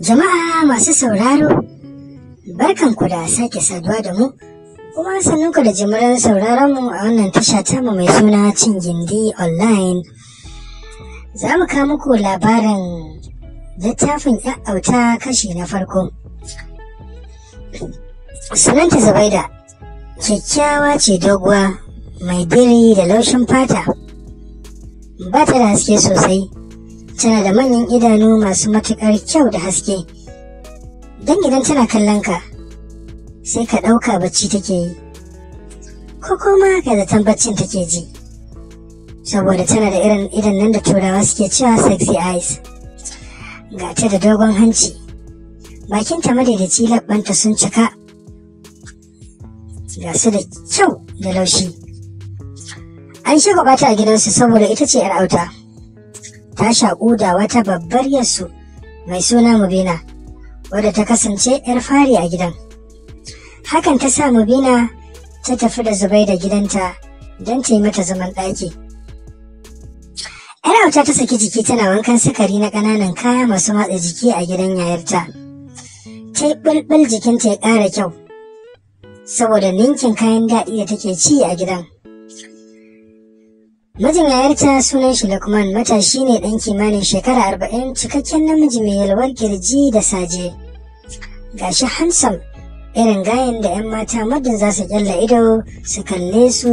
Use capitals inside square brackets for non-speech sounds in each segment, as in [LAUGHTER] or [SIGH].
Jama'a masu sauraro, barkan ku da sake saduwa da mu, kuma ku da jimirar sauraron mu a wannan tasha ta mu mai suna cin gindi online. Za mu kawo muku labarin littafin auta kashi na farko. Sunanta Zubaida, kyakkyawa ce doguwa mai diri da laushin fata, ba ta da haske sosai. tana da manyan idanu masu matuƙar kyau da haske don idan tana kallon ka sai ka ɗauka bacci take yi ko kuma ka da baccin take ji saboda tana da irin idan nan da turawa suke cewa sexy eyes ga ta da dogon hanci bakinta madaidaci labbanta sun cika ga su da kyau da laushi an shagwaba ta a gidansu saboda ita ce 'yar auta ta shaƙu da wata babbar yasu mai suna Mubina, wadda ta kasance 'yar fari a gidan. Hakan ta sa Mubina ta tafi da zubai da gidanta don ta yi mata zaman ɗaki. ‘Yar ta saki jiki tana wankan sukari na ƙananan kaya masu matsa jiki a gidan yayarta. Ta yi ɓulɓul jikinta ya ƙara kyau, saboda ninkin kayan daɗi da take ci a gidan. Mijin yayarta sunan shi Lukman matashi ne ɗan kimanin shekara arba'in cikakken namiji mai yalwar kirji da saje. Gashi hansam irin gayan da 'yan mata muddin za su kyalla ido su kalle su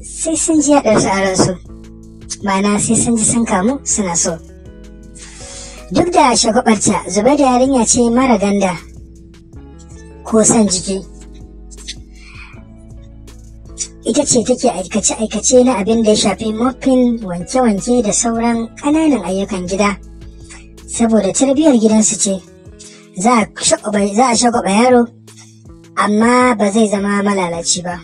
sai sun ji yaɗar su a ransu. Ma'ana sai sun ji sun kamu suna so. Duk da shagwabarta, da yarinya ce mara ganda ko san jiki. ita ce take aikace-aikace na abin da ya shafi mopping wanke-wanke da sauran ƙananan ayyukan gida saboda tarbiyyar gidansu ce za a shagwaba yaro amma ba zai zama malalaci ba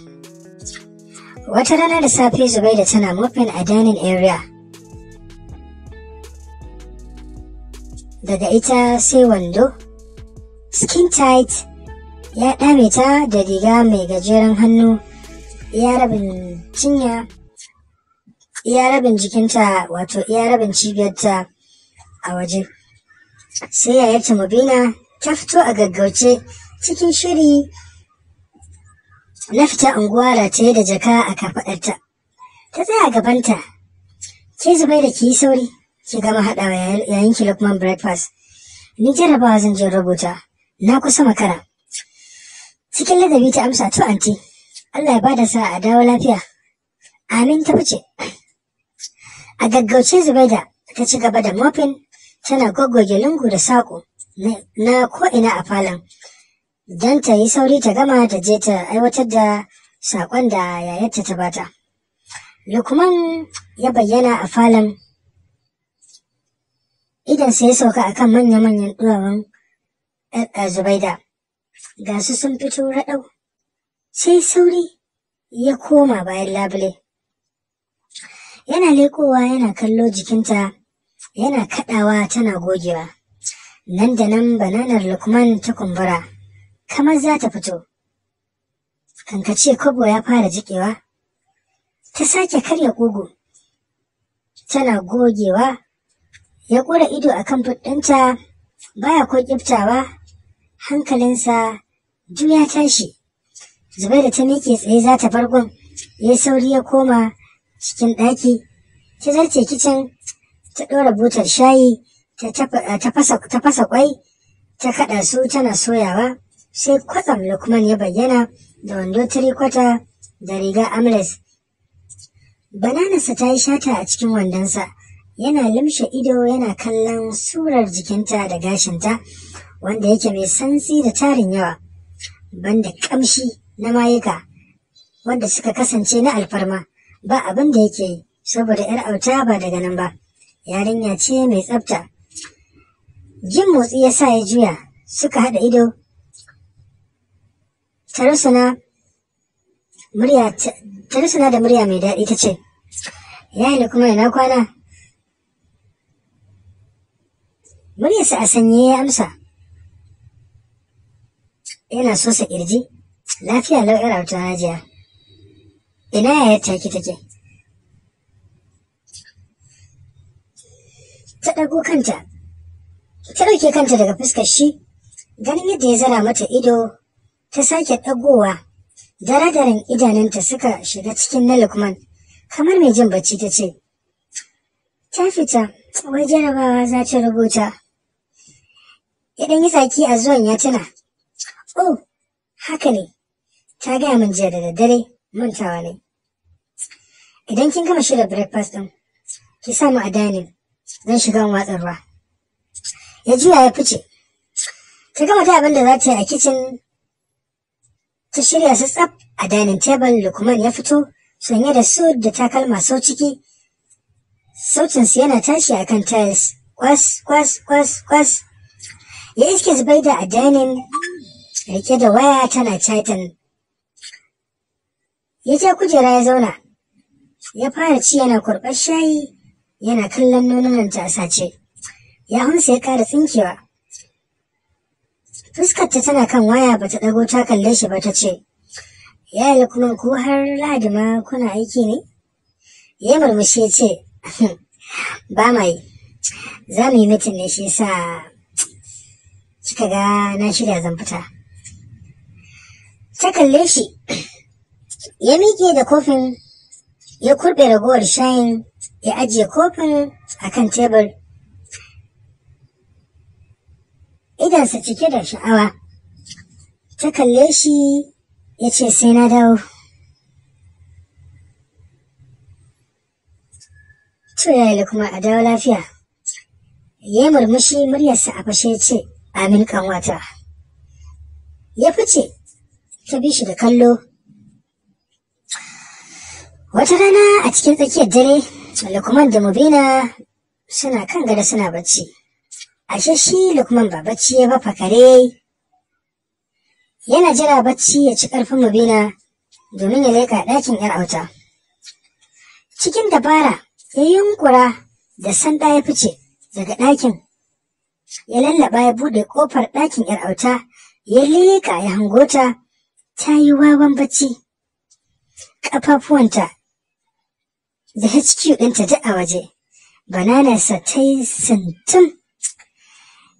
wata rana da safe zubai da tana mopping a dining area daga ita sai wando skin tight ya ɗame ta da riga mai gajeren hannu iya rabin cinya iya rabin jikinta wato iya rabin cibiyarta a waje sai yayarta mabina ta fito a gaggauce cikin shiri na fita unguwa rataye da jaka a kafaɗarta ta tsaya gabanta ke zubai da ki sauri ki gama haɗawa yayin ki lukman breakfast ni jarabawa zan je rubuta na kusa makara cikin ladabi ta amsa to anti Allah ya bada sa a dawo lafiya. Amin ta fice. A gaggauce Zubaida ta ci gaba da mofin tana goggoge lungu da sako na ko'ina a falon. Don ta yi sauri ta gama ta je ta aiwatar da sakon da yayarta ta bata. Lukman ya bayyana a falon idan sai ya sauka kan manya-manyan duwawan eh, eh, Zubaida. Ga su sun fito raɗau. sai sauri ya koma bayan labule. Yana lekowa yana kallo jikinta yana kaɗawa tana gogewa. Nan da nan bananar Lukman ta kumbura, kamar za ta fito. Kankace kobo ya fara jikewa, ta sake karya kogo. Tana gogewa, ya ƙura ido a kan ɗinta baya ko ƙiftawa, hankalinsa duk ya tashi. Zubairu ta miƙe tsaye za ta gun, ya sauri ya koma cikin ɗaki ta zarce kicin ta ɗora butar shayi ta eh, fasa kwai ta kaɗa su tana soyawa sai kwatsam lukman ya bayyana da wando tirikwata da riga amles bananasa ta yi shata a cikin wandonsa yana limshe ido yana kallon surar jikinta da gashinta wanda yake mai santsi da tarin yawa banda ƙamshi na mayuka wanda suka kasance na alfarma ba abin da yake saboda ‘yar auta ba daga nan ba yarinya ce mai tsafta jin motsi ya sa ya juya suka haɗa ido tarisuna da murya mai daɗi ta ce yayi kuma yana kwana muryarsa a sanye ya amsa yana so sa ƙirji Lafiya lau ƴar auta hajiya. Ina yayar taki take? Ta ɗago kanta, ta ɗauke kanta daga fuskar shi, ganin yadda ya zara mata ido ta sake ɗagowa, daren idanunta suka shiga cikin na Lukman, kamar mai jin bacci ta ce, Ta fita, wai jarabawa za ta rubuta. Idan yi zaki a zuwan ya tuna, Oh, haka ne, ta gaya min jiya da daddare mantawa ne idan kin gama shirya breakfast din ki sa mu a dining zan shiga in watsa ruwa ya juya ya fice ta gama ta abin da za ta yi a kitchen ta shirya su tsaf a dining table lukman ya fito sanye da su da takalma sau ciki sautinsu yana tashi a kan tiles kwas kwas kwas kwas ya iske zubai da a dining rike da waya tana titan ya ce kujera ya zauna ya fara ci yana kurɓar shayi yana kallon nonunan ta sace ya amsa ya kara tsinkewa fuskar ta tana kan waya ba, ta ɗago ta kalle shi ba ta ce ya yi kuma ko har lahadi ma kuna aiki ne ya murmushi ya ce [LAUGHS] ba ma yi za mu yi mitin ne shi sa kika ga na shirya zan fita ta kalle shi ya miƙe da kofin ya kurɓe ragowar shayin ya ajiye kofin a kan tebur idansa cike da sha'awa ta kalle shi ya ce sai na dawo to yi kuma a dawo lafiya ya yi murmushi muryarsa a fashe ce amin ƙanwata. ya fice ta bi shi da kallo wata rana a cikin tsakiyar dare lukman da mubina suna kan gada suna bacci ashe shi lukman ba bacci ya ba fakare yana jira bacci ya ci ƙarfin mubina domin ya leƙa ɗakin yar auta cikin dabara ya yunkura da sanda ya fice daga ɗakin ya lallaba ya buɗe ƙofar ɗakin yar auta ya leƙa ya hangota ta yi wawan bacci ƙafafuwanta da HQ ɗinta duk a waje. Bananarsa ta yi sintin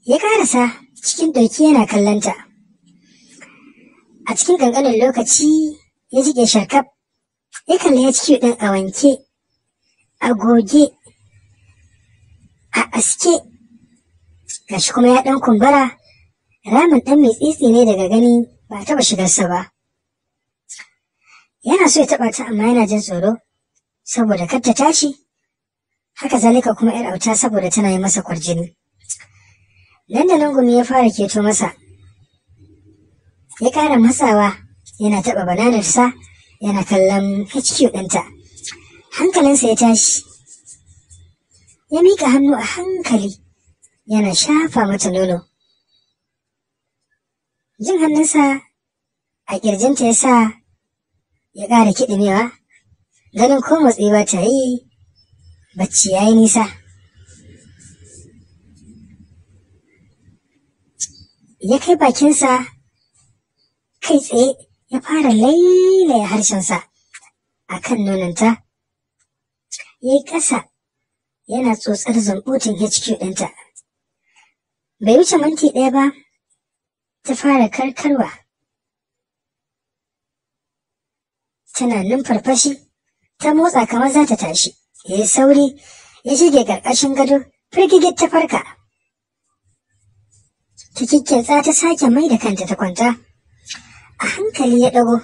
ya karasa cikin ɗauki yana kallonta. A cikin ƙanƙanin lokaci ya jike shakaf ya kalli HQ ɗin a wanke, a goge, a aske, gashi kuma ya ɗan kumbura, ramin ɗan mai tsitsi ne daga gani ba taɓa shigarsa ba. Yana so ya taɓa ta amma yana jin tsoro. saboda kar ta tashi haka zalika kuma ‘yar auta saboda tana yi masa kwarjini. Nan da nan gumi ya fara keto masa, ya ƙara masawa yana taɓa bananarsa yana kallon HQ ɗinta. Hankalinsa ya tashi, ya miƙa hannu a hankali yana shafa mata nono. Jin hannunsa a ƙirjinta ya sa ya ƙara kiɗimewa. ganin ko matsayi ba ta yi bacci ya yi nisa ya kai bakinsa kai tsaye ya fara lailaya harshensa a kan nonanta ya yi ƙasa yana tsotsar zambutin HQ ɗinta. Bai wuce minti ɗaya ba ta fara karkarwa tana farfashi. ta motsa kamar za ta tashi ya sauri ya shige ƙarƙashin gado firgigit ta farka ta ta sake mai da kanta ta kwanta a hankali ya ɗago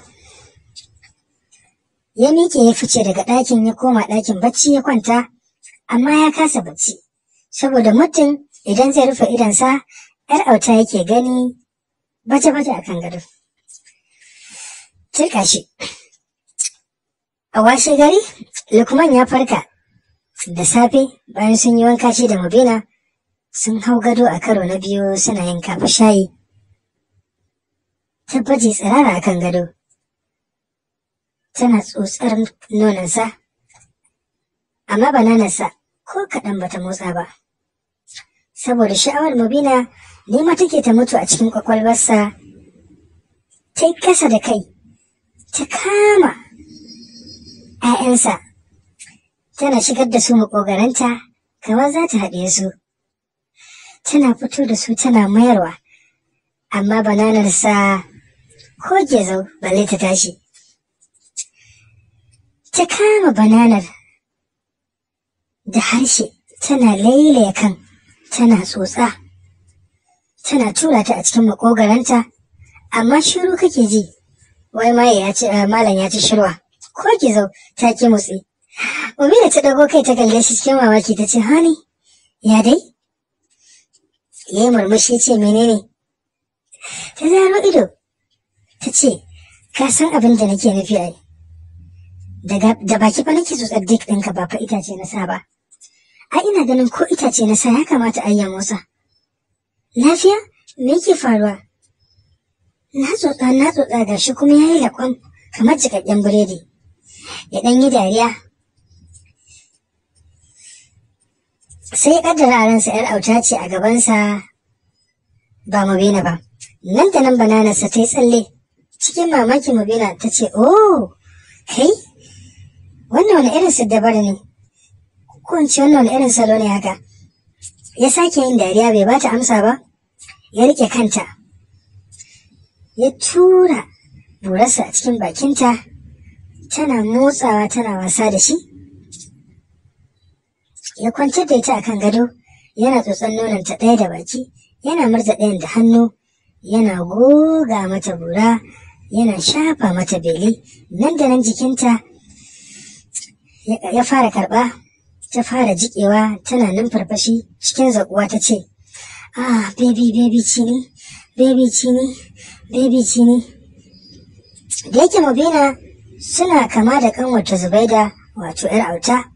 ya miƙe ya fice daga ɗakin ya koma ɗakin bacci ya kwanta amma ya kasa bacci saboda mutum idan zai rufe sa ‘yar auta yake gani bace-bace a kan gado. Cirka shi. A washe gari, Lukman ya farka da safe bayan sun yi wanka ce da Mubina sun hau gado a karo na biyu suna yin kafa shayi. Tabbaci tsirara a kan gado. Tana tsotsar nonansa, amma bananarsa ko kaɗan bata motsa ba. Saboda sha'awar Mubina nema take ta mutu a cikin kwakwalwarsa, ta yi kasa da kai, ta kama ‘ya'yansa tana shigar da su maƙogaranta kamar za ta haɗe su tana fito da su tana mayarwa amma bananarsa ko zo, balle ta tashi ta kama bananar da harshe tana lailaya kan tana tsotsa tana tura ta a cikin makogaranta amma shiru kake ji wai ma ya ce ya ci shirwa ko ki zau ta ki motsi. Umina ta ɗago kai ta kalle shi cikin mamaki ta ce hani ya dai? Ya murmushi ce menene? Ta zaro ido ta ce ka san abin da nake nufi a da baki fa nake tsotsar dik dinka ba fa itace na sa ba. A ina ganin ko itace na sa ya kamata a yi motsa. Lafiya? Me yake faruwa? Na tsotsa na gashi kuma ya yi laƙon kamar jikakken biredi. ya yi dariya sai ƙaddara ransa ‘yar auta ce a gabansa ba mubina ba nan da nan bananarsa ta yi tsalle cikin mamaki mubina ta ce oh kai wannan wani irin siddabar ne ko ce wannan wani irin salo ne haka ya sake yin dariya bai bata amsa ba ya rike kanta ya tura burarsa a cikin bakinta tana motsawa tana wasa da shi ya kwantar da ita akan gado yana nonon ta ɗaya da baki yana murza ɗayan da hannu yana goga mata bura yana shafa mata beli nan da nan jikinta ya fara karɓa ta fara jikewa tana nan farfashi cikin zaƙuwa ta ce ah baby baby cini baby cini baby cini da yake mabina suna kama da kanwata Zubaida wato ‘yar auta